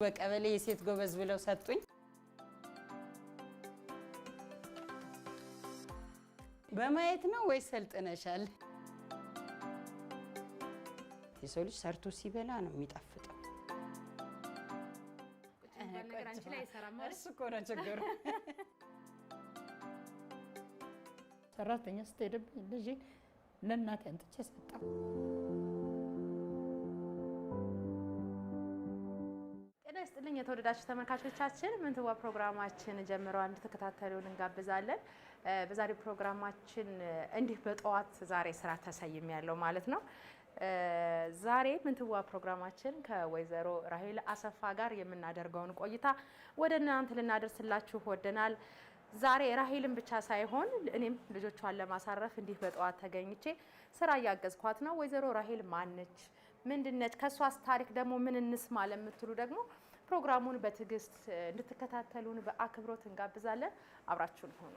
በቀበሌ የሴት ጎበዝ ብለው ሰጡኝ። በማየት ነው ወይ ሰልጥነሻል? የሰው ልጅ ሰርቶ ሲበላ ነው የሚጣፍጠው። እሱ እኮ ነው ችግሩ። ሰራተኛ ስትሄድብኝ ልጄን ለእናቴ አንጥቼ ሰጠው። የተወደዳችሁ ተመልካቾቻችን ምንትዋ ፕሮግራማችን ጀምረዋል፣ እንድትከታተሉን እንጋብዛለን። በዛሬ ፕሮግራማችን እንዲህ በጠዋት ዛሬ ስራ ተሰይም ያለው ማለት ነው። ዛሬ ምንትዋ ፕሮግራማችን ከወይዘሮ ራሄል አሰፋ ጋር የምናደርገውን ቆይታ ወደ እናንተ ልናደርስላችሁ ወደናል። ዛሬ ራሄልን ብቻ ሳይሆን እኔም ልጆቿን ለማሳረፍ እንዲህ በጠዋት ተገኝቼ ስራ እያገዝኳት ነው። ወይዘሮ ራሄል ማነች? ምንድነች? ከእሷስ ታሪክ ደግሞ ምን እንስማ ለምትሉ ደግሞ ፕሮግራሙን በትዕግስት እንድትከታተሉን በአክብሮት እንጋብዛለን። አብራችሁን ሆኑ።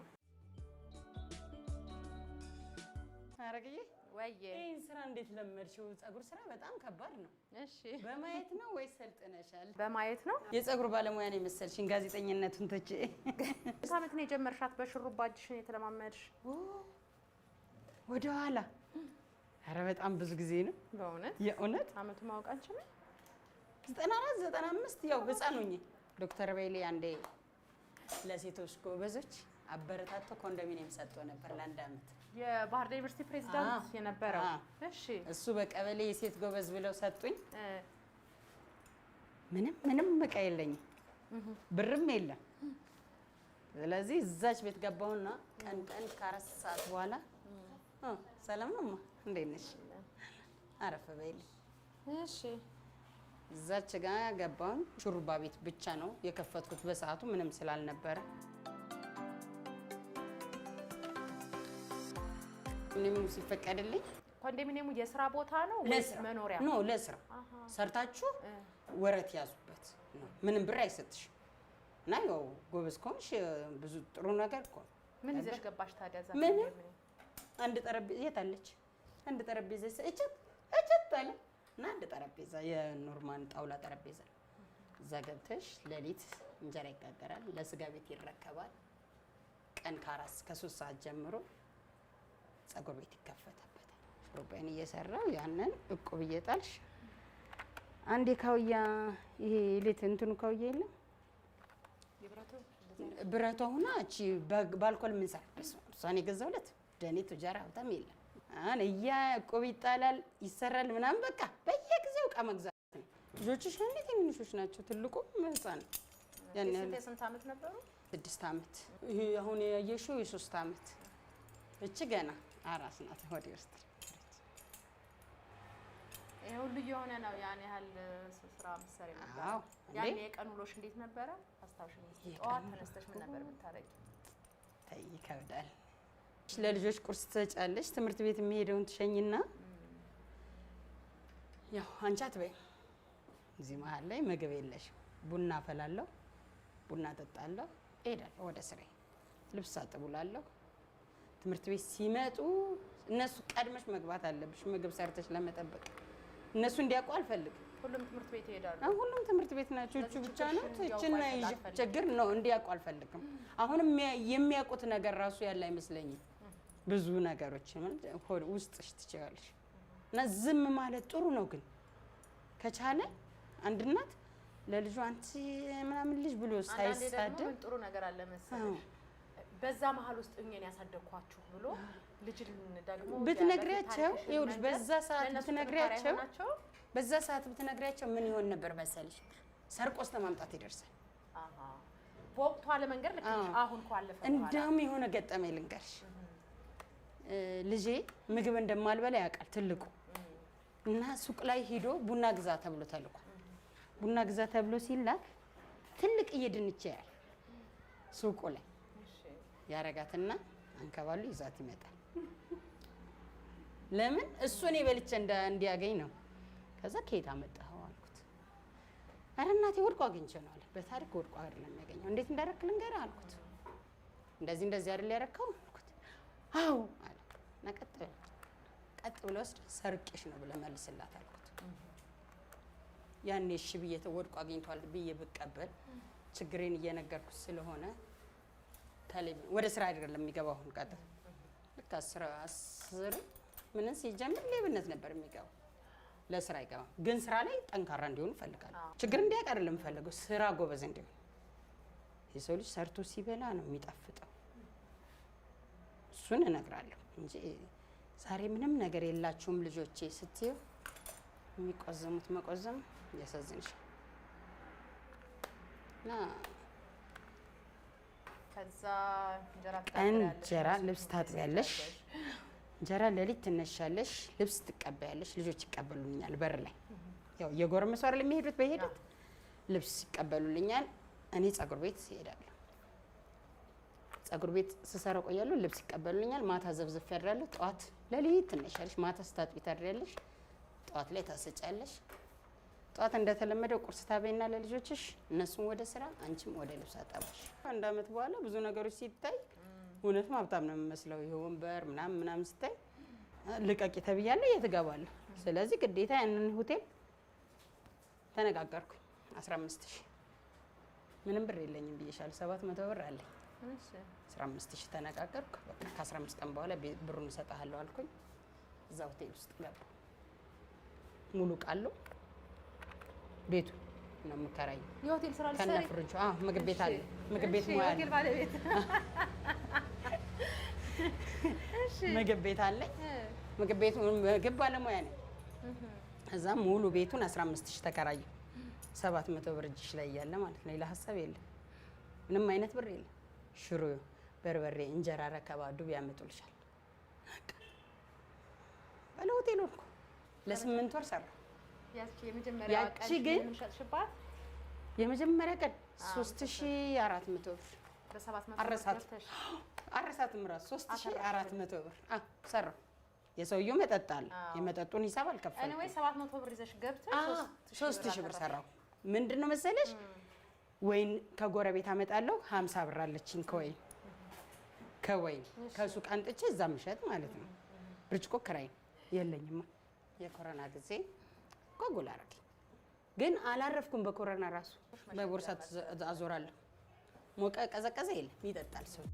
አረግዬ ወይዬ ይህን ስራ እንዴት ለመድሽው? ጸጉር ስራ በጣም ከባድ ነው። እሺ በማየት ነው ወይ ሰልጥነሻል? በማየት ነው። የጸጉር ባለሙያ ነው የመሰልሽኝ። ጋዜጠኝነቱን ተቼ ሳምንት ነው የጀመርሻት። በሽሩባ እጅሽን የተለማመድሽ ወደኋላ? አረ በጣም ብዙ ጊዜ ነው በእውነት የእውነት አመቱ ማወቅ አንችልም 94 95 ያው ህፃን ሆኜ ዶክተር ቤሌ አንዴ ለሴቶች ጎበዞች አበረታቶ ኮንዶሚኒየም ሰጥቶ ነበር ለአንድ አመት። የባህር ዳር ዩኒቨርሲቲ ፕሬዚዳንት የነበረው እሺ፣ እሱ በቀበሌ የሴት ጎበዝ ብለው ሰጡኝ። ምንም ምንም እቃ የለኝም ብርም የለም። ስለዚህ እዛች ቤት ገባሁና ቀን ቀን ከአራት ሰዓት በኋላ ሰላም ነው፣ እንዴት ነሽ? አረፍ በይልኝ። እሺ እዛች ጋ ገባን። ሹሩባ ቤት ብቻ ነው የከፈትኩት በሰዓቱ ምንም ስላልነበረ። ምንም ሲፈቀድልኝ ኮንዶሚኒየሙ የስራ ቦታ ነው ወይስ መኖሪያ ነው። ለስራ ሰርታችሁ ወረት ያዙበት ምንም ብር አይሰጥሽም። እና ያው ጎበዝ ከሆንሽ ብዙ ጥሩ ነገር እኮ ምን ይዘሽ ገባሽ ታዲያ? እዛ ምንም አንድ ጠረጴዛ የት አለች? አንድ ጠረጴዛ ይዘሽ እጭት እጭት አለ እና አንድ ጠረጴዛ የኖርማን ጣውላ ጠረጴዛ እዛ ገብተሽ ሌሊት እንጀራ ይጋገራል፣ ለስጋ ቤት ይረከባል። ቀን ከአራት ከሶስት ሰዓት ጀምሮ ጸጉር ቤት ይከፈተበታል። ሩቤን እየሰራው ያንን እቁብ እየጣልሽ አንዴ ካውያ ይሄ ሌት እንትኑ ካውያ የለም ብረቷ ሁና እቺ በአልኮል የምንሰራበት እሷን የገዛሁለት ደኔ ቱጃራ በጣም የለም አሁን እያ ቆብ ይጣላል ይሰራል ምናምን በቃ በየጊዜው እቃ መግዛት ነው። ልጆችሽ እንዴት የምንሾች ናቸው? ትልቁ ህፃን ነው። ያን ያህል ስንት ዓመት ነበሩ? ስድስት ዓመት። ይሄ አሁን ያየሽው የሶስት ዓመት እች ገና አራስ ናት። ወደ ውስጥ ይሄ ሁሉ እየሆነ ነው። ያን ያህል ስራ መሰሪ ነበር። ያን የቀን ውሎሽ እንዴት ነበረ? አስታውሽ። ጠዋት ተነስተሽ ምን ነበር የምታደርጊው? ተይ ይከብዳል ለልጆች ቁርስ ትሰጫለች፣ ትምህርት ቤት የሚሄደውን ትሸኝና ያው አንቺ አትበይም። እዚህ መሀል ላይ ምግብ የለሽ፣ ቡና ፈላለሁ፣ ቡና ጠጣለሁ፣ እሄዳለሁ ወደ ስራዬ፣ ልብስ አጥቡላለሁ። ትምህርት ቤት ሲመጡ እነሱ ቀድመሽ መግባት አለብሽ፣ ምግብ ሰርተሽ ለመጠበቅ እነሱ እንዲያውቁ አልፈልግም። ሁሉም ትምህርት ቤት ይሄዳሉ። ሁሉም ትምህርት ቤት ናቸው። እቹ ብቻ ነው ትችና ችግር ነው እንዲያውቁ አልፈልግም። አሁንም የሚያውቁት ነገር ራሱ ያለ አይመስለኝም። ብዙ ነገሮች ውስጥሽ ትችላለሽ። እና ዝም ማለት ጥሩ ነው፣ ግን ከቻለ አንድ እናት ለልጇ አንቺ ምናምን ልጅ ብሎ ሳይሳደብ ጥሩ ነገር አለ መሰለሽ። በዛ መሀል ውስጥ እኛን ያሳደግኳችሁ ብሎ ልጅ ደግሞ ብትነግሪያቸው፣ ይኸውልሽ በዛ ሰዓት ብትነግሪያቸው በዛ ሰዓት ብትነግሪያቸው ምን ይሆን ነበር መሰልሽ? ሰርቆ እስከ ማምጣት ይደርሳል። በወቅቱ አለመንገር ልክ አሁን እኮ አለፈ። የሆነ ገጠመኝ ልንገርሽ ልጄ ምግብ እንደማልበላ ያውቃል ትልቁ እና ሱቅ ላይ ሂዶ ቡና ግዛ ተብሎ ተልኳል። ቡና ግዛ ተብሎ ሲላክ ትልቅ እየድንች ያል ሱቁ ላይ ያረጋትና አንከባሉ ይዛት ይመጣል። ለምን እሱ እኔ በልቼ እንዲያገኝ ነው። ከዛ ከየት አመጣኸው አልኩት። ኧረ እናቴ ወድቆ አግኝቼ ነው አለ። በታሪክ ወድቆ አይደለም ያገኘው። እንዴት እንዳረክ ልንገርህ አልኩት። እንደዚህ እንደዚህ አይደል ያረከው አልኩት። አዎ እና ቀጥ ቀጥ ብሎ ወስድ ሰርቄሽ ነው ብለህ መልስላት አልኩት። ያኔ እሺ ብዬ ተወድቆ አግኝቷል ብዬ ብቀበል ችግሬን እየነገርኩት ስለሆነ ወደ ስራ አይደለም የሚገባው። አሁን ቀጥር ልክ አስር አስር ምንም ሲጀምር ሌብነት ነበር የሚገባው። ለስራ አይገባም፣ ግን ስራ ላይ ጠንካራ እንዲሆን እፈልጋለሁ። ችግር እንዲያውቅ አይደለም ስራ ጎበዝ እንዲሆን። የሰው ልጅ ሰርቶ ሲበላ ነው የሚጣፍጠው። እሱን እነግራለሁ። እንጂ ዛሬ ምንም ነገር የላችሁም ልጆቼ ስትዩ የሚቆዘሙት መቆዘም ያሳዝንሻል። እና እንጀራ ልብስ ታጥቢያለሽ፣ እንጀራ ሌሊት ትነሻለሽ፣ ልብስ ትቀበያለሽ። ልጆች ይቀበሉልኛል በር ላይ ያው የጎረመሱ አይደል የሚሄዱት፣ በሄዱት ልብስ ይቀበሉልኛል። እኔ ጸጉር ቤት ይሄዳሉ። ጸጉር ቤት ስሰራ ቆያለሁ። ልብስ ይቀበሉኛል። ማታ ዘብዘፍ ያድራለሁ። ጠዋት ለሊት ትነሻለሽ። ማታ ስታጥቢ ታድሪያለሽ። ጠዋት ላይ ታሰጫለሽ። ጠዋት እንደተለመደው ቁርስ ታበይና ለልጆችሽ፣ እነሱም ወደ ስራ፣ አንቺም ወደ ልብስ አጠባሽ። አንድ አመት በኋላ ብዙ ነገሮች ሲታይ እውነት ሀብታም ነው የምመስለው። ይሄ ወንበር ምናምን ምናምን ስታይ ልቀቂ ተብያለሁ። የት እገባለሁ? ስለዚህ ግዴታ ያንን ሆቴል ተነጋገርኩ። 15 ሺህ ምንም ብር የለኝም ብዬሻለሁ። ሰባት መቶ ብር አለኝ አስራ አምስት ሺህ ተነጋገርኩ። ከአስራ አምስት ቀን በኋላ ብሩን እሰጥሃለሁ አልኩኝ። እዛ ሆቴል ውስጥ ገባ። ሙሉ ቃሉ ቤቱ ነው የሆቴል ስራ ከነ ፍርጁ ምግብ ቤት አለ። ምግብ ቤት ሙያ ምግብ ቤት ምግብ ቤቱ ምግብ ባለሙያ ነኝ። እዛ ሙሉ ቤቱን 15 ሺህ ተከራየው። ሰባት ብር እጅሽ ላይ እያለ ማለት ነው። ሌላ ሀሳብ የለም። ምንም አይነት ብር የለም። ሽሮ፣ በርበሬ፣ እንጀራ ረከባ ዱብ ያመጡልሻል። በለውጤል ሆንኩ ለስምንት ወር ሰራሁ። ያቺ ግን የመጀመሪያ ቀን ሶስት ሺ አራት መቶ ብር አረሳትም እራሱ ሶስት ሺ አራት መቶ ብር ሰራሁ። የሰውየው መጠጥ አለ። የመጠጡን ሂሳብ አልከፈልኩም። ሶስት ሺ ብር ሰራሁ። ምንድን ነው መሰለሽ ወይን ከጎረቤት አመጣለሁ። ሀምሳ ብር አለችኝ ከወይን ከወይን ከሱቅ አንጥቼ እዛ ምሸጥ ማለት ነው። ብርጭቆ ክራይ የለኝማ። የኮረና ጊዜ ጓጉል አረግ ግን አላረፍኩም። በኮረና ራሱ በቦርሳ አዞራለሁ። ሞቀ ቀዘቀዘ የለም ይጠጣል ሰው።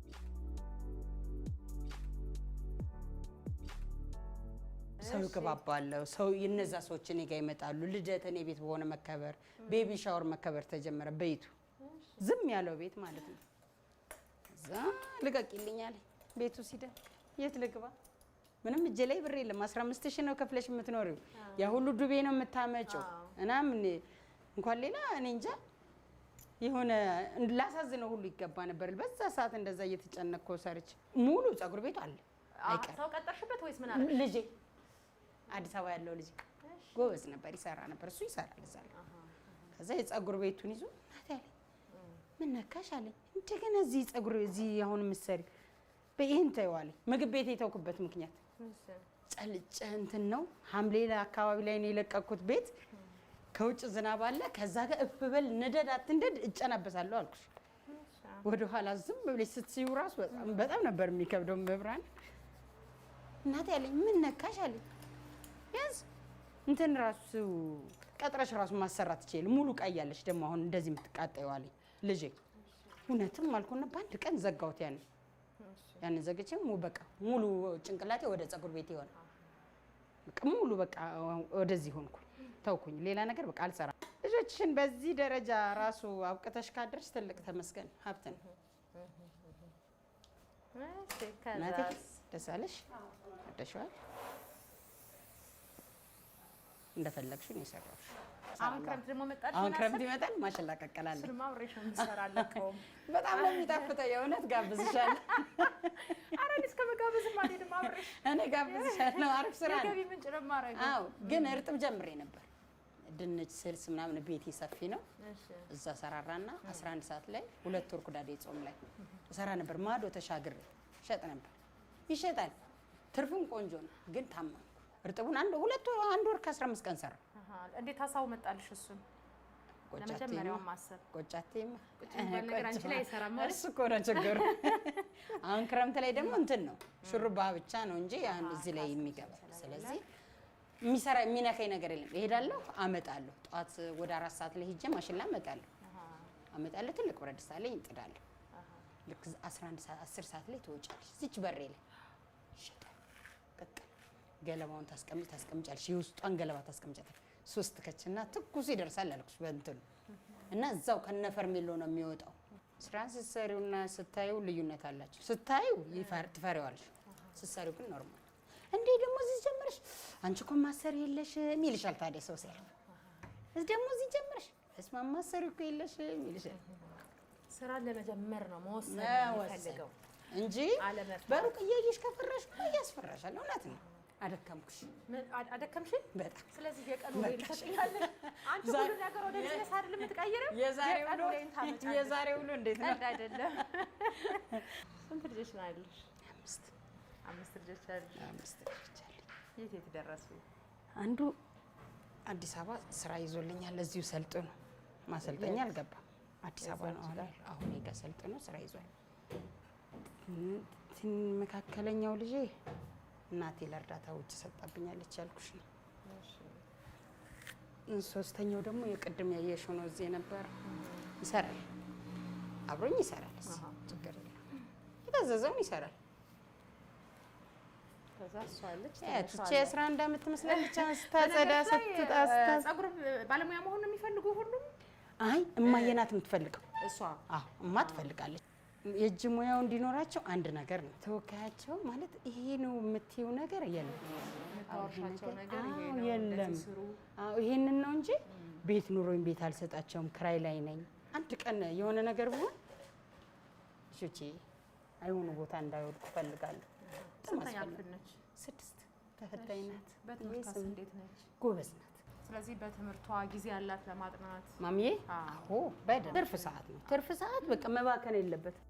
ሰው ይገባባለሁ። ሰው የነዛ ሰዎች እኔ ጋ ይመጣሉ። ልደት እኔ ቤት በሆነ መከበር ቤቢ ሻወር መከበር ተጀመረ በይቱ ዝም ያለው ቤት ማለት ነው። እዛ ልቀቂልኛል። ቤቱ ሲደርቅ የት ልግባ? ምንም እጄ ላይ ብር የለም። አስራ አምስት ሺህ ነው ከፍለሽ የምትኖሪው። ያ ሁሉ ዱቤ ነው የምታመጪው። እናም እንኳን ሌላ እኔ እንጃ የሆነ ላሳዝነው ሁሉ ይገባ ነበር። በዛ ሰዓት እንደዛ እየተጨነቅኩ ሰርች ሙሉ ፀጉር ቤቱ አለ አይቀርም። ቀጠርሽበት ወይስ ምን አለ? ልጄ አዲስ አበባ ያለው ልጅ ጎበዝ ነበር፣ ይሰራ ነበር። እሱ ይሰራል እዛ። ከዛ የፀጉር ቤቱን ይዞ ምን ነካሽ አለኝ። እንደገና እዚህ ጸጉር እዚህ አሁን የምትሰሪው በይህን ተይው ምግብ ቤት የተውኩበት ምክንያት ጸልጨ እንትን ነው ሐምሌ አካባቢ ላይ ነው የለቀኩት ቤት ከውጭ ዝናብ አለ። ከዛ ጋር እፍ በል ንደድ አትንደድ እጨናበሳለሁ አልኩሽ። ወደኋላ ዝም ብለሽ ስትስዩ ራሱ በጣም ነበር የሚከብደው። መብራን እናቴ ያለኝ ምን ነካሽ አለኝ። ቢያንስ እንትን ራሱ ቀጥረሽ ራሱ ማሰራት ትችል ሙሉ ቀያለሽ ደግሞ አሁን እንደዚህ የምትቃጠዩ አለኝ። ልጄ እውነትም አልኩና በአንድ ቀን ዘጋሁት። ያንን ያንን ዘግቼ በቃ ሙሉ ጭንቅላቴ ወደ ፀጉር ቤት ይሆነ ሙሉ በቃ ወደዚህ ሆንኩ። ተውኩኝ። ሌላ ነገር በቃ አልሰራም። ልጆችሽን በዚህ ደረጃ ራሱ አብቅተሽ ካደርሽ ትልቅ ተመስገን ሀብትን ደስ አለሽ። ወደሽዋል። እንደፈለግሽን የሰራሁሽ አሁን ክረምት ይመጣል። ማሽላ ቀቀላለሁ። እሱንማ አብሬሽን እንሰራለን። ከውም በጣም ነው የሚጣፍጠው። የእውነት ጋብዝሻለሁ። ኧረ እኔ እስከ መጋበዝም አልሄድም። አብሬሽ እኔ ጋብዝሻለሁ። አሪፍ ስራ ነው። ገቢ ምንጭ ነው የማደርገው። ግን እርጥብ ጀምሬ ነበር። ድንች፣ ስልስ ምናምን ቤቴ ሰፊ ነው። እዛ ሰራራና 11 ሰዓት ላይ ሁለት ወር ኩዳዴ ጾም ላይ ሰራ ነበር። ማዶ ተሻግሬ ሸጥ ነበር። ይሸጣል። ትርፉም ቆንጆ ነው። ግን ታማ እርጥቡን አንድ ሁለት አንድ ወር ከ15 ቀን ሰራ እንዴት ሀሳቡ መጣልሽ? እሱን ለመጀመሪያውን ማሰብ ቆጫቴማ ነገር አንቺ ላይ አይሰራም። እሱ እኮ ነው ችግሩ። አሁን ክረምት ላይ ደግሞ እንትን ነው ሹሩባ ብቻ ነው እንጂ እዚህ ላይ የሚገባ ስለዚህ የሚሰራ የሚነካኝ ነገር የለም። እሄዳለሁ፣ አመጣለሁ። ጠዋት ወደ አራት ሰዓት ላይ ሂጄ ማሽላ አመጣለሁ አመጣለሁ። ትልቅ ብረት ድስት አለኝ፣ እጥዳለሁ። ልክ 11 ሰዓት 10 ሰዓት ላይ ትወጫለሽ። እዚች በሬ ላይ ይሸጣል። ገለባውን ታስቀምጭ ታስቀምጫለሽ። የውስጧን ገለባ ታስቀምጫለሽ። ሶስት ከች እና ትኩስ ይደርሳል አልኩሽ በእንትኑ እና እዛው ከነፈርሜሎ ነው የሚወጣው። ስራን እና ስታዩ ልዩነት አላቸው። ስታዩ ትፈሪዋለሽ፣ ስትሰሪው ግን ኖርማል። እንዴ ደግሞ እዚህ ጀምረሽ አንቺ እኮ ማሰሪ የለሽም ይልሻል። ታዲያ ሰው ሲያልፍ እዚ ደግሞ እዚህ ጀምረሽ እስማ ማሰሪ እኮ የለሽም ይልሻል። ስራ ለመጀመር ነው መወሰን ፈልገው እንጂ በሩቅ እያየሽ ከፈራሽ እኮ እያስፈራሻል። እውነት ነው። አደከምኩሽ አደከምሽ በጣም ስለዚህ የቀኑ አንቺ ሁሉ ነገር ወደ ቢዝነስ የምትቀይረው ሁሉ ሁሉ እንዴት ነው አይደለም ስንት ልጆች ነው ያለሽ አምስት አምስት ልጆች አምስት ልጆች የት የት ደረሱ አንዱ አዲስ አበባ ስራ ይዞልኛል እዚሁ ሰልጥ ነው ማሰልጠኛ አልገባም አዲስ አበባ ነው አሁን ነው ስራ ይዟል መካከለኛው ልጄ እናቴ ለእርዳታ ውጭ ሰጣብኛለች ያልኩሽ ነው። ሶስተኛው ደግሞ የቅድም ያየሽው ነው። እዚህ ነበር ይሰራል፣ አብሮኝ ይሰራል። ችግር የለም፣ የታዘዘውን ይሰራል። ትቼ የአስራ አንድ አመት ትመስላለች። ስታጸዳ ጸጉር ባለሙያ መሆን ነው የሚፈልጉ ሁሉም። አይ እማዬ ናት የምትፈልገው እሷ። እማ ትፈልጋለች የእጅ ሙያው እንዲኖራቸው አንድ ነገር ነው። ተወካያቸው ማለት ይሄ ነው የምትይው ነገር የለም፣ የለም። ይሄንን ነው እንጂ ቤት ኑሮኝ ቤት አልሰጣቸውም፣ ክራይ ላይ ነኝ። አንድ ቀን የሆነ ነገር ብሆን ልጆቼ አይሆኑ ቦታ እንዳይወድቁ እፈልጋለሁ። ስድስት ተፈታኝ ናት። ጎበዝ ናት። ስለዚህ በትምህርቷ ጊዜ ያላት ለማጥናት ማሚዬ፣ አዎ በደንብ ትርፍ ሰዓት ነው። ትርፍ ሰዓት በቃ መባከን የለበትም።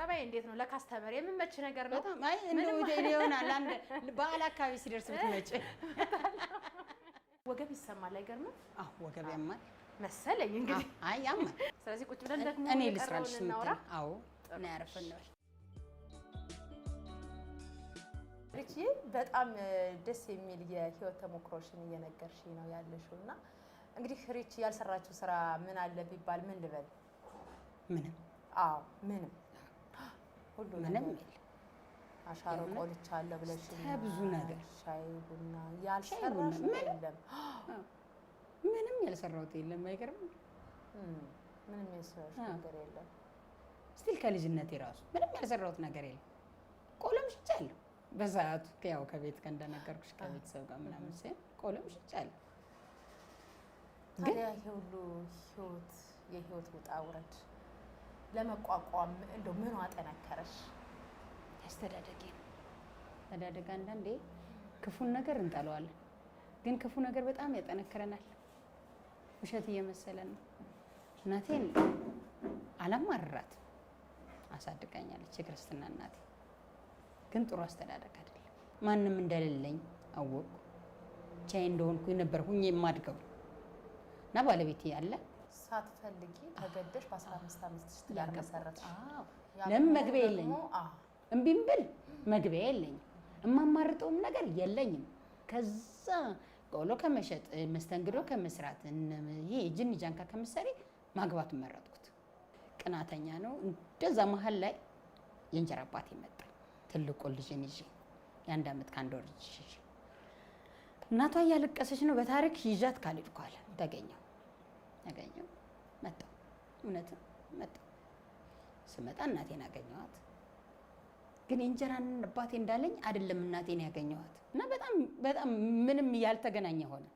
ጸባይ እንዴት ነው? ለካስተመር የምመች ነገር ነው። አይ እንደው ይሆናል አንድ በዓል አካባቢ ሲደርስ ብትመጪ ወገብ ይሰማል። አይገርምም? አዎ ወገብ ያማል መሰለኝ እንግዲህ። አይ ያማል። ስለዚህ ቁጭ ብለን ደግሞ እኔ ልስራልሽ እናውራ። አዎ እና ያረፈን ነው ሪቺ በጣም ደስ የሚል የህይወት ተሞክሮሽን እየነገርሽ ነው ያለሽው። እና እንግዲህ ሪቺ ያልሰራችው ስራ ምን አለ ቢባል ምን ልበል? ምንም። አዎ ምንም ምንም የለም። አሻሮ ቆልቻ ብለሽ ብዙ ነገር ሻይ ቡና ያልሰራሽ የለም። ምንም ያልሰራሁት የለም። አይገርም? ምንም ያልሰራሽ ነገር የለም። ስቲል ከልጅነቴ ራሱ ምንም ያልሰራሁት ነገር የለም። ቆሎም ሽጫለሁ በሰዓቱ ያው ከቤት ከእንደነገርኩሽ ከቤተሰብ ጋር ምናምን ሲል ቆሎም ሽጫለሁ። ታዲያ ይሄ ሁሉ ህይወት የህይወት ውጣ ውረድ ለመቋቋም እንደ ምን አጠናከረሽ? ያስተዳደጌ አስተዳደግ አንዳንዴ ክፉን ነገር እንጠለዋለን፣ ግን ክፉ ነገር በጣም ያጠነክረናል። ውሸት እየመሰለን ነው። እናቴን አላማርራት አሳድጋኛለች፣ የክርስትና እናቴ። ግን ጥሩ አስተዳደግ አይደለም። ማንም እንደሌለኝ አወቅኩ፣ ብቻዬን እንደሆንኩ ነበር ሁኜ የማድገው እና ባለቤት ያለ ሳትፈልጊ ተገደሽ በ15 አምስት ለምን መግቢያ የለኝም፣ እምቢም ብል መግቢያ የለኝም፣ የማማርጠውም ነገር የለኝም። ከዛ ቆሎ ከመሸጥ መስተንግዶ ከመስራት ይሄ ጅኒ ጃንካ መረጥኩት። ቅናተኛ ነው። እንደዛ መሀል ላይ የእንጀራ ትልቁ ልጅን ይዤ የአንድ ዓመት ከአንድ ወር ልጅ እናቷ እያለቀሰች ነው። በታሪክ ይዣት ተገኘው አገኘው መጣው። እውነትም መጣው። ስመጣ እናቴን አገኘዋት። ግን እንጀራን አባቴ እንዳለኝ አይደለም እናቴን ያገኘዋት እና በጣም በጣም ምንም ያልተገናኘ ሆነ።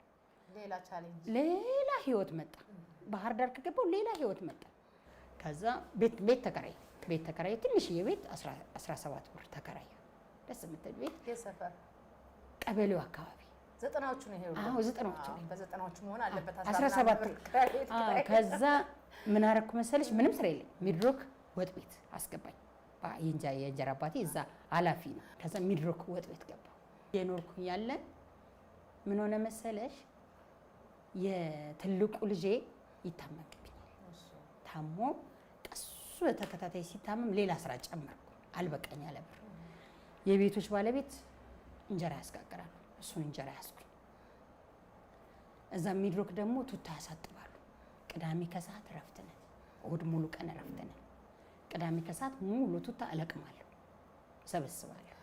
ሌላ ቻሌንጅ፣ ሌላ ህይወት መጣ። ባህር ዳር ከገባው ሌላ ህይወት መጣ። ከዛ ቤት ቤት ተከራይ ቤት ተከራይ ትንሽዬ ቤት 17 ብር ተከራይ። ደስ የምትል ቤት የሰፈር ቀበሌው አካባቢ ዘጠናዎቹ ነው ይሄ ዘጠናዎቹ ነው። በዘጠናዎቹ መሆን አለበት። 17 አዎ። ከዛ ምን አደረኩ መሰለሽ? ምንም ስራ የለኝ ሚድሮክ ወጥ ቤት አስገባኝ። የእንጀራ አባቴ እዛ ኃላፊ ነው። ከዛ ሚድሮክ ወጥ ቤት ገባ። የኖርኩኝ ያለ ምን ሆነ መሰለሽ? የትልቁ ልጄ ይታመምብኛል። ታሞ ቀሱ በተከታታይ ሲታመም ሌላ ስራ ጨመርኩ። አልበቃኝ አለብር የቤቶች ባለቤት እንጀራ ያስጋግራሉ እሱን እንጀራ ያዝኩኝ። እዛ ሚድሮክ ደግሞ ቱታ ያሳጥባሉ። ቅዳሜ ከሰዓት እረፍት ነን፣ እሑድ ሙሉ ቀን እረፍት ነን። ቅዳሜ ከሰዓት ሙሉ ቱታ እለቅማለሁ፣ እሰበስባለሁ፣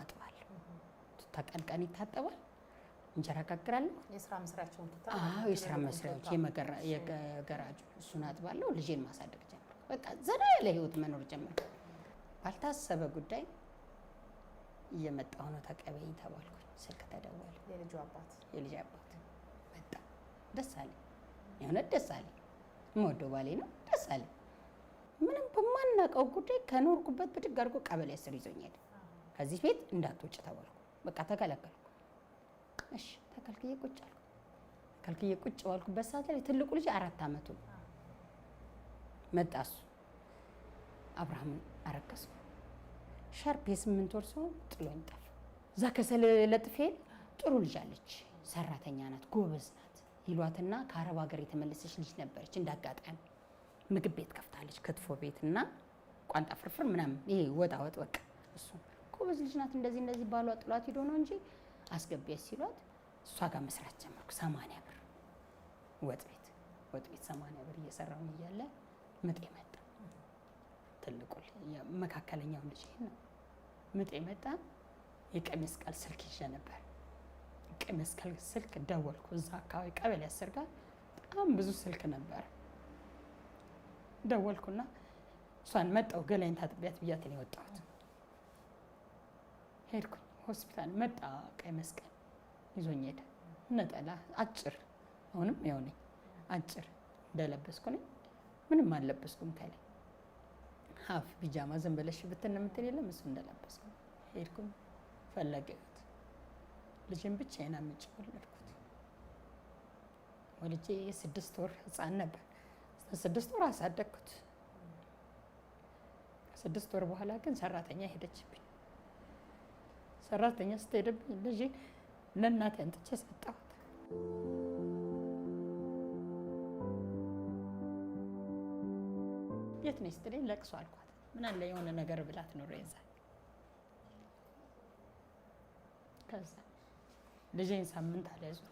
አጥባለሁ። ቱታ ቀን ቀን ይታጠባል። እንጀራ ጋግራለሁ። የስራ መስሪያቸውን የስራ መስሪያዎች የገራጁ እሱን አጥባለሁ። ልጄን ማሳደግ ጀመርኩ። በቃ ዘና ያለ ህይወት መኖር ጀመርኩ። ባልታሰበ ጉዳይ እየመጣሁ ነው ተቀበይኝ ተባልኩ። ስልክ ተደወለ። የልጁ አባት የልጅ አባት መጣ። ደስ አለ፣ የእውነት ደስ አለ። የምወደው ባሌ ነው፣ ደስ አለ። ምንም በማናውቀው ጉዳይ ከኖርኩበት ብድግ አድርጎ ቀበሌ ስር ሄደ። ከዚህ ቤት እንዳትወጭ ተባልኩ። በቃ ተከለከልኩ። እሺ ተከልክዬ ቁጭ አልኩ። ተከልክዬ ቁጭ ባልኩበት ሰዓት ላይ ትልቁ ልጅ አራት አመቱ ነው። መጣ። እሱ አብርሃምን አረከስኩ። ሻርፕ የስምንት ወር ሰው ጥሎኝ ጠፋ። እዛ ከሰል ለጥፌ ጥሩ ልጅ አለች፣ ሰራተኛ ናት፣ ጎበዝ ናት ይሏትና ከአረብ ሀገር የተመለሰች ልጅ ነበረች። እንዳጋጣሚ ምግብ ቤት ከፍታለች፣ ክትፎ ቤት እና ቋንጣ ፍርፍር ምናምን ይሄ ወጣ ወጥ በቃ እሱ ጎበዝ ልጅ ናት። እንደዚህ እንደዚህ ባሏ ጥሏት ሂዶ ነው እንጂ አስገቢያት ሲሏት እሷ ጋር መስራት ጀመርኩ። ሰማንያ ብር ወጥ ቤት ወጥ ቤት ሰማንያ ብር እየሰራሁ እያለ ምጤ መጣ። ትልቁ መካከለኛው ልጅ ይሄን ነው ምጤ መጣ። የቀይ መስቀል ስልክ ይዤ ነበር። የቀይ መስቀል ስልክ ደወልኩ። እዛ አካባቢ ቀበሌ አስር ጋር በጣም ብዙ ስልክ ነበር። ደወልኩና እሷን መጣሁ፣ ገላይን ታጥቢያት ብያት ነው የወጣሁት። ሄድኩኝ ሆስፒታል። መጣ ቀይ መስቀል ይዞኝ ሄደ። ነጠላ አጭር፣ አሁንም ያው ነኝ አጭር እንደለበስኩ ነኝ። ምንም አልለበስኩም ከላይ ሀፍ ቢጃማ ዘንበለሽ ብትን የምትል የለም እሱ እንደለበስኩ ሄድኩኝ ፈለገት ልጅን ብቻዬን አምጬ ወለድኩት። ወልጄ የስድስት ወር ህፃን ነበር። ስድስት ወር አሳደግኩት። ስድስት ወር በኋላ ግን ሰራተኛ ሄደችብኝ። ሰራተኛ ስትሄድብኝ ልጅ ለእናቴ አንጥቼ ሰጠኋት። የት ነሽ ስትለኝ ለቅሶ አልኳት። ምን አለ የሆነ ነገር ብላት ኖሮ ይዛል ከዛ ልጄን ሳምንት አልያዙት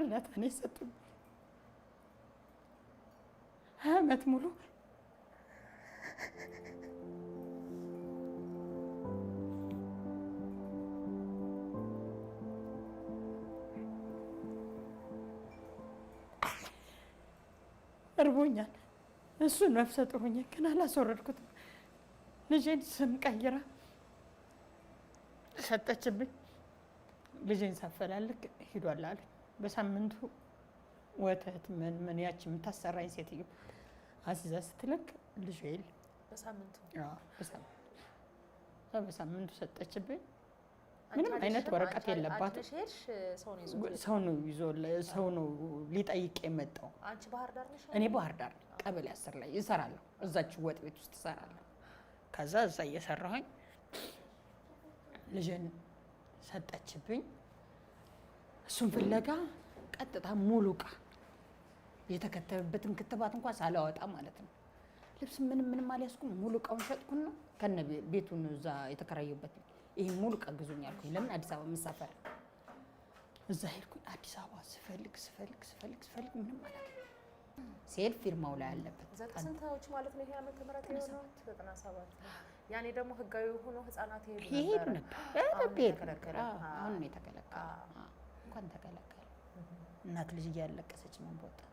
እርዳታ ነው የሰጡኝ። አመት ሙሉ እርቦኛል። እሱን መፍሰጥ ሆኜ ግን አላስወረድኩትም። ልጄን ስም ቀይራ ሰጠችብኝ። ልጄን ሳፈላልግ ሂዷል አለ። በሳምንቱ ወተት ምን ምን ያች የምታሰራኝ ሴትዮ አስይዛ ስትልክ ልጅ የለ በሳምንቱ ሰጠችብኝ። ምንም አይነት ወረቀት የለባት። ሰው ነው ይዞ ሰው ነው ሊጠይቅ የመጣው። እኔ ባህር ዳር ቀበሌ አስር ላይ ይሰራለሁ። እዛች ወጥ ቤት ውስጥ ይሰራለሁ። ከዛ እዛ እየሰራሁኝ ልጅን ሰጠችብኝ። እሱን ፍለጋ ቀጥታ ሙሉ እቃ የተከተበበትን ክትባት እንኳን ሳላወጣ ማለት ነው። ልብስ ምንም ምንም አልያዝኩም። ሙሉ እቃውን ሸጥኩና ከነ ቤቱን እዛ የተከራየበት ይህ ሙሉ እቃ ግዙኝ ያልኩኝ። ለምን አዲስ አበባ መሳፈር እዛ ሄድኩኝ። አዲስ አበባ ስፈልግ ስፈልግ ስፈልግ ስፈልግ ምንም ማለት ነው ሲሄድ ፊርማው ላይ አለበት። ስንት ማለት ነው ይሄ ዓመተ ዘጠና ሰባት ያኔ ደግሞ ህጋዊ ሆኖ ህጻናት ይሄዱ ነበር። አሁን ነው የተከለከለ። እንኳን ተከለከለ። እናት ልጅ እያለቀሰች ምን በወጣት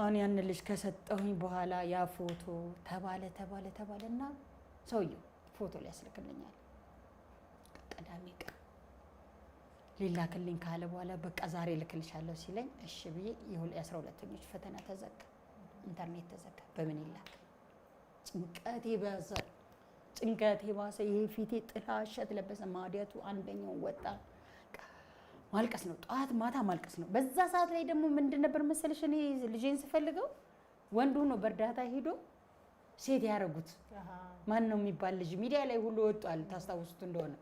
አሁን ያን ልጅ ከሰጠሁኝ በኋላ ያ ፎቶ ተባለ ተባለ ተባለ እና ሰውየው ፎቶ ሊያስልክልኛል ቅዳሜ ቀን ሊላክልኝ ካለ በኋላ በቃ ዛሬ ልክልሻለሁ ሲለኝ እሺ ብዬ የአስራ ሁለተኞች ፈተና ተዘጋ፣ ኢንተርኔት ተዘጋ። በምን ይላክ ጭንቀት ይበዛል። ጭንቀት የባሰ ይሄ ፊቴ ጥላሸት ለበሰ። ማዲያቱ አንደኛው ወጣ። ማልቀስ ነው ጠዋት ማታ ማልቀስ ነው። በዛ ሰዓት ላይ ደግሞ ምንድን ነበር መሰለሽ እኔ ልጄን ስፈልገው ወንድ ነው በእርዳታ ሄዶ ሴት ያደረጉት ማን ነው የሚባል ልጅ ሚዲያ ላይ ሁሉ ወጧል። ታስታውሱት እንደሆነ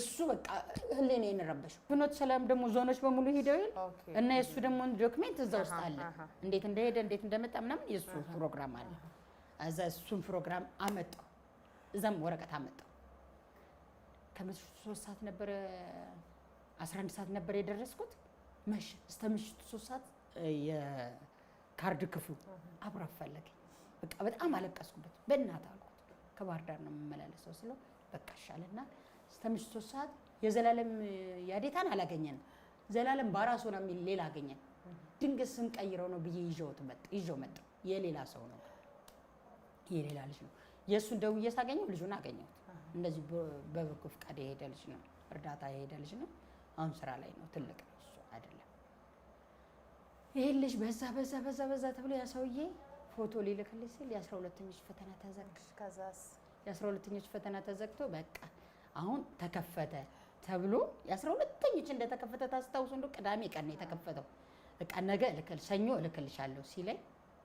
እሱ በቃ ህሌን የንረበሽ ፍኖት ሰላም ደግሞ ዞኖች በሙሉ ሄደው እና የእሱ ደግሞ ዶክሜንት እዛ ውስጥ አለ። እንዴት እንደሄደ እንዴት እንደመጣ ምናምን የእሱ ፕሮግራም አለ። እዛ እሱን ፕሮግራም አመጣው፣ እዛም ወረቀት አመጣው። ከምሽቱ ሶስት ሰዓት ነበረ፣ አስራ አንድ ሰዓት ነበር የደረስኩት። መሸ። እስከ ምሽቱ ሶስት ሰዓት የካርድ ክፍሉ አብሮ አፈለገኝ። በቃ በጣም አለቀስኩበት። በእናትህ አልኩት ከባህር ዳር ነው የምመላለሰው ስለው በቃ ይሻልና እስከ ምሽቱ ሶስት ሰዓት የዘላለም ያዴታን አላገኘንም። ዘላለም ባራሶና የሚል ሌላ አገኘን። ድንገት ስንቀይረው ነው ብዬ ይዤው መጣሁ። የሌላ ሰው ነው የሌላ ልጅ ነው። የእሱን ደውዬ ሳገኘው ልጁን አገኘሁት። እንደዚህ በበጎ ፈቃድ የሄደ ልጅ ነው፣ እርዳታ የሄደ ልጅ ነው። አሁን ስራ ላይ ነው፣ ትልቅ ነው እሱ አይደለም። ይህ ልጅ በዛ በዛ በዛ በዛ ተብሎ ያ ሰውዬ ፎቶ ሊልክልኝ ሲል የአስራ ሁለተኞች ፈተና ተዘጋ። የአስራ ሁለተኞች ፈተና ተዘግቶ በቃ አሁን ተከፈተ ተብሎ የአስራ ሁለተኞች እንደተከፈተ ታስታውሱ? እንደ ቅዳሜ ቀን ነው የተከፈተው። በቃ ነገ እልክል ሰኞ እልክልሻለሁ ሲለኝ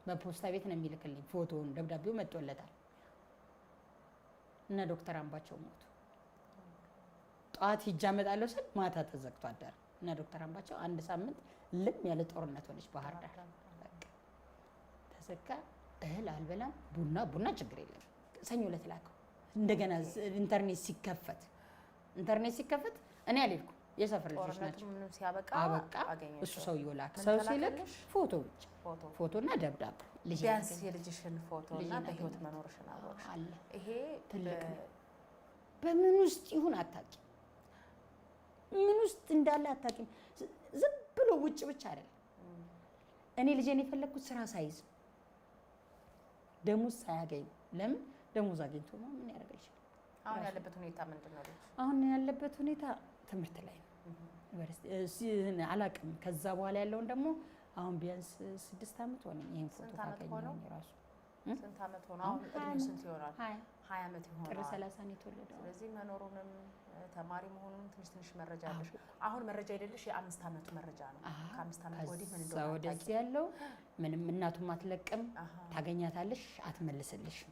በፖስታ ቤት ነው የሚልክልኝ ፎቶውን። ደብዳቤው መጥቶለታል እና ዶክተር አምባቸው ሞቱ። ጠዋት ሂጅ አመጣለሁ ስል ማታ ተዘግቶ አደረ እና ዶክተር አምባቸው አንድ ሳምንት ልም ያለ ጦርነት ሆነች ባህር ዳር ተዘጋ። እህል አልበላም፣ ቡና ቡና ችግር የለም ሰኞ ዕለት ላከው። እንደገና ኢንተርኔት ሲከፈት ኢንተርኔት ሲከፈት እኔ አልሄድኩም የሰፈር ልጆች ናቸው። አበቃ እሱ ሰውዬው ላክ ሰው ሲልክ ፎቶ ብቻ ፎቶና ደብዳቤ ቢያንስ የልጅሽን ፎቶና በህይወት መኖርሽን አወቅሽ። ይሄ ትልቅ በምን ውስጥ ይሁን አታውቂም፣ ምን ውስጥ እንዳለ አታውቂም። ዝም ብሎ ውጭ ብቻ አይደለም። እኔ ልጄን የፈለግኩት ስራ ሳይዝ ደሞዝ ሳያገኝ ለምን ደሞዝ አግኝቶ ምን ያደርጋል? አሁን ያለበት ሁኔታ ምንድን ነው? አሁን ያለበት ሁኔታ ትምህርት ላይ ነው። አላቅም ከዛ በኋላ ያለውን ደግሞ አሁን ቢያንስ ስድስት ዓመት ሆነ። ይህን ፎቶ ካገኘሁ ራሱ ስንት ዓመት ሆነ? አሁን እድሜው ስንት ይሆናል? ሀያ ዓመት ይሆናል። ጥር ሰላሳ ነው የተወለደው። ስለዚህ መኖሩንም ተማሪ መሆኑን ትንሽ ትንሽ መረጃ አለሽ። አሁን መረጃ የሌለሽ የአምስት ዓመቱ መረጃ ነው። ከአምስት ዓመት ወዲህ ምን እንደሆነ ወደዚህ ያለው ምንም እናቱም አትለቅም። ታገኛታለሽ፣ አትመልስልሽም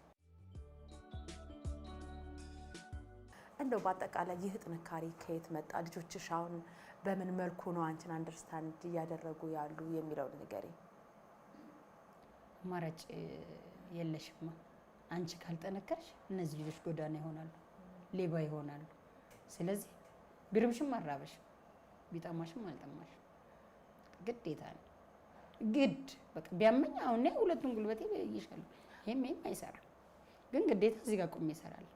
እንደው በአጠቃላይ ይህ ጥንካሬ ከየት መጣ? ልጆችሽ አሁን በምን መልኩ ነው አንቺን አንደርስታንድ እያደረጉ ያሉ የሚለውን ንገሪ። አማራጭ የለሽማ። አንቺ ካልጠነከርሽ እነዚህ ልጆች ጎዳና ይሆናሉ፣ ሌባ ይሆናሉ። ስለዚህ ቢርብሽም አራበሽም ቢጠማሽም አልጠማሽም ግዴታ ነው ግድ በቃ ቢያመኝ አሁን ሁለቱን ጉልበቴ ይሻሉ። ይሄም ይሄም አይሰራም፣ ግን ግዴታ እዚህ ጋር ቆሜ እሰራለሁ።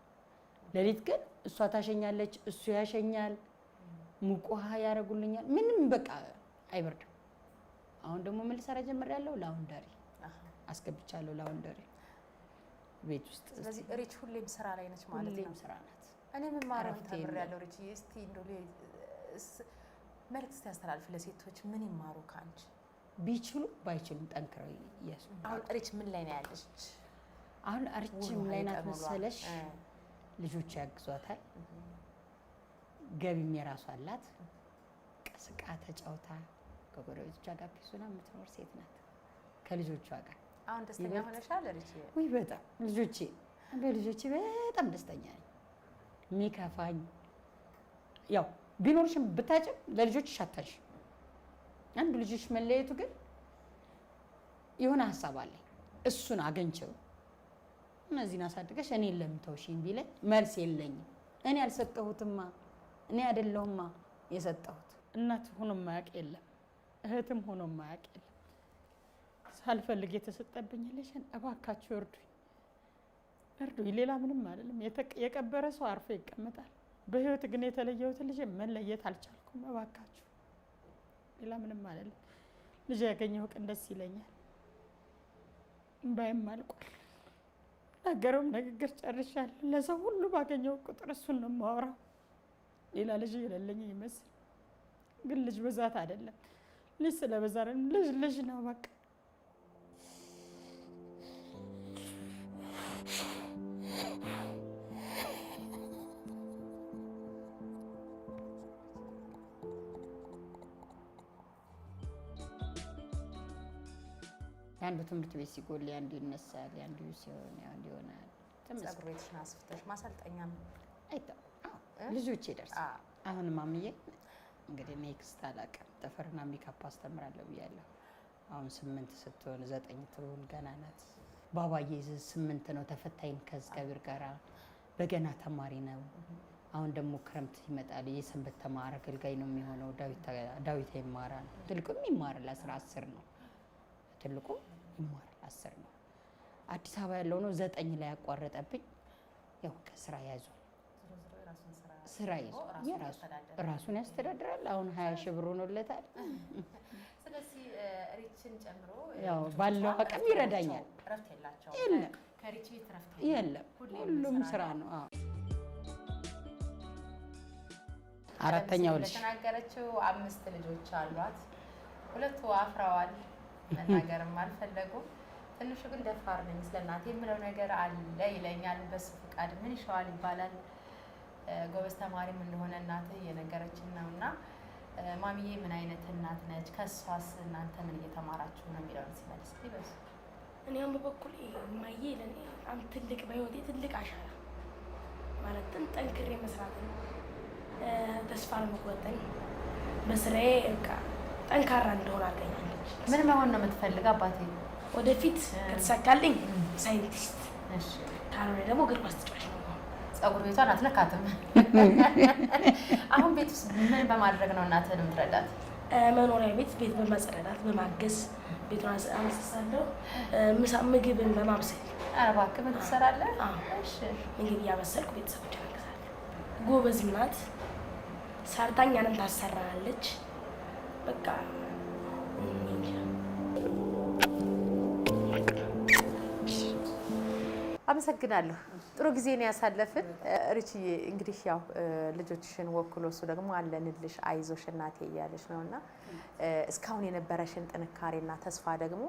ሌሊት ግን እሷ ታሸኛለች፣ እሱ ያሸኛል፣ ሙቅ ውሃ ያደርጉልኛል። ምንም በቃ አይበርድም። አሁን ደግሞ ምን ልሰራ ጀምሬያለሁ? ላውንደሪ አስገብቻለሁ፣ ላውንደሪ ቤት ውስጥ። ስለዚህ ሪች ሁሌም ስራ ላይ ነች ማለት ነው። ሁሌም ስራ ናት። እኔ ምን ማረፍ ተምሬያለሁ። ሪች እስቲ እንደው መልዕክት ያስተላልፍ ለሴቶች ምን ይማሩ ከአንቺ? ቢችሉ ባይችሉም ጠንክረው ይያዙ። አሁን ሪች ምን ላይ ነው ያለች? አሁን ሪች ምን ላይ ናት መሰለሽ ልጆች ያግዟታል። ገቢም የራሷ አላት። ቀስቃ ተጫውታ ከጎረቤቶቿ ጋር ፒሱና የምትኖር ሴት ናት። ከልጆቿ ጋር አሁን ደስተኛ ሆነሻል? ውይ በጣም ልጆቼ በልጆቼ በጣም ደስተኛ ነኝ። ሚከፋኝ ያው ቢኖርሽም ብታጭም ለልጆችሽ አታጭም። አንድ ልጆች መለየቱ ግን የሆነ ሀሳብ አለኝ እሱን አገኝቼው እነዚህን አሳድገሽ እኔ ለምተውሽኝ ቢለኝ መልስ የለኝም። እኔ አልሰጠሁትማ፣ እኔ አይደለሁማ የሰጠሁት። እናት ሆኖ ማያውቅ የለም፣ እህትም ሆኖ ማያውቅ የለም። ሳልፈልግ የተሰጠብኝ ልሽን እባካችሁ እርዱኝ፣ እርዱኝ። ሌላ ምንም አይደለም። የቀበረ ሰው አርፎ ይቀመጣል። በህይወት ግን የተለየሁት ልጅ መለየት አልቻልኩም። እባካችሁ ሌላ ምንም አይደለም። ልጅ ያገኘ ቀን ደስ ይለኛል። እምባይም አልቋል። የምናገረውም ንግግር ጨርሻለሁ። ለሰው ሁሉ ባገኘው ቁጥር እሱን ነው የማወራው። ሌላ ልጅ የሌለኝ ይመስል ግን ልጅ ብዛት አይደለም ልጅ ስለበዛ ልጅ ልጅ ነው በቃ አንዱ በትምህርት ቤት ሲጎል አንዱ ይነሳል፣ ያንዱ ሲሆን አንዱ ይሆናል። ጸጉር ቤትሽን አስፍተሽ ማሰልጠኛ ልጆቼ ደርስ አሁን ማምዬ እንግዲህ ኔክስት አላውቅም። ጥፍርና ሜካፕ አስተምራለሁ ብያለሁ። አሁን ስምንት ስትሆን ዘጠኝ ትሆን ገና ናት። ባባዬ ስምንት ነው ተፈታኝ ከእግዚአብሔር ጋር በገና ተማሪ ነው። አሁን ደግሞ ክረምት ይመጣል። የሰንበት ተማር አገልጋይ ነው የሚሆነው። ዳዊት ይማራል። ትልቁም ይማራል። አስራ አስር ነው ትልቁም ይማራል። አስር ነው አዲስ አበባ ያለው ነው ዘጠኝ ላይ ያቋረጠብኝ። ያው ከስራ ያዙ ስራ ይዞ ራሱን ያስተዳድራል። አሁን ሀያ ሺህ ብር ሆኖለታል። ስለዚህ ሪችን ጨምሮ ያው ባለው አቅም ይረዳኛል። የለም ሁሉም ስራ ነው። አራተኛው ልጅ ተናገረችው። አምስት ልጆች አሏት። ሁለቱ አፍረዋል። መናገርም አልፈለጉም። ትንሹ ግን ደፋር ነኝ፣ ስለ እናቴ የምለው ነገር አለ ይለኛል። በሱ ፍቃድ ምን ይባላል። ጎበዝ ተማሪም እንደሆነ እናትህ እየነገረችን ነው እና ማሚዬ ምን አይነት እናት ነች? ከሷስ እናንተ ምን እየተማራችሁ ነው የሚለውን ሲመልስ በሱ እኔም ለእኔ ትልቅ በህይወቴ ትልቅ አሻራ ማለትም ጠንክሬ መስራትን፣ ተስፋ በስራዬ ጠንካራ እንደሆነ አገኛል ምን መሆን ነው የምትፈልግ አባቴ? ወደፊት ከተሳካልኝ ሳይንቲስት፣ ካልሆነ ደግሞ እግር ኳስ ተጫዋች ነው። ፀጉር ቤቷን አትነካትም። አሁን ቤት ውስጥ ምን በማድረግ ነው እናትህን የምትረዳት? መኖሪያ ቤት ቤት በማጸዳዳት በማገዝ ቤቱን አመሳሳለሁ። ምሳ ምግብን በማብሰል እባክህ ምን ትሰራለህ? ምግብ እያበሰልኩ ቤተሰቦች አግዛለሁ። ጎበዝ ናት፣ ሰርታ ታሰራለች። በቃ አመሰግናለሁ። ጥሩ ጊዜ ነው ያሳለፍን። ርችዬ እንግዲህ ያው ልጆችሽን ወክሎ እሱ ደግሞ አለንልሽ አይዞሽ እናቴ እያለች ነው እና እስካሁን የነበረሽን ጥንካሬና ተስፋ ደግሞ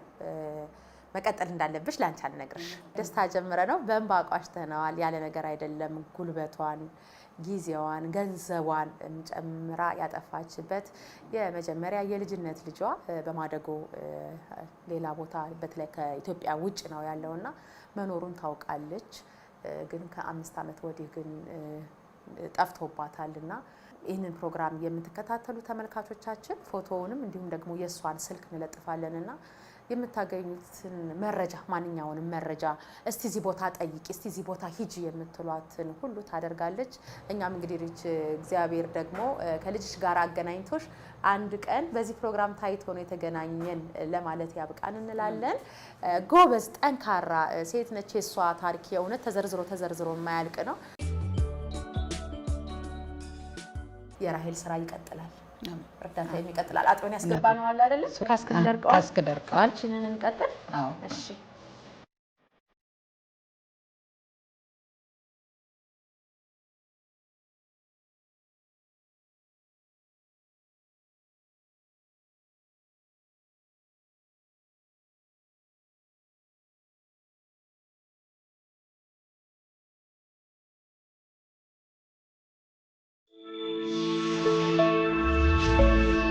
መቀጠል እንዳለብሽ ላንቺ አልነግርሽ። ደስታ ጀምረ ነው በእንባ ቋሽተነዋል። ያለ ነገር አይደለም። ጉልበቷን፣ ጊዜዋን፣ ገንዘቧን ጨምራ ያጠፋችበት የመጀመሪያ የልጅነት ልጇ በማደጎ ሌላ ቦታ በተለይ ከኢትዮጵያ ውጭ ነው ያለውና መኖሩን ታውቃለች። ግን ከአምስት ዓመት ወዲህ ግን ጠፍቶባታል እና ይህንን ፕሮግራም የምትከታተሉ ተመልካቾቻችን ፎቶውንም እንዲሁም ደግሞ የእሷን ስልክ እንለጥፋለን እና የምታገኙትን መረጃ ማንኛውንም መረጃ እስቲ እዚህ ቦታ ጠይቂ፣ እስቲ እዚህ ቦታ ሂጂ የምትሏትን ሁሉ ታደርጋለች። እኛም እንግዲህ እግዚአብሔር ደግሞ ከልጅሽ ጋር አገናኝቶሽ አንድ ቀን በዚህ ፕሮግራም ታይቶ ነው የተገናኘን ለማለት ያብቃን እንላለን። ጎበዝ፣ ጠንካራ ሴት ነች። የእሷ ታሪክ የእውነት ተዘርዝሮ ተዘርዝሮ የማያልቅ ነው። የራሄል ስራ ይቀጥላል። እርዳታ ይቀጥላል አጥበን ያስገባ ነው አለ አይደለም። ካስክ ደርቀዋል። እንቀጥል። እሺ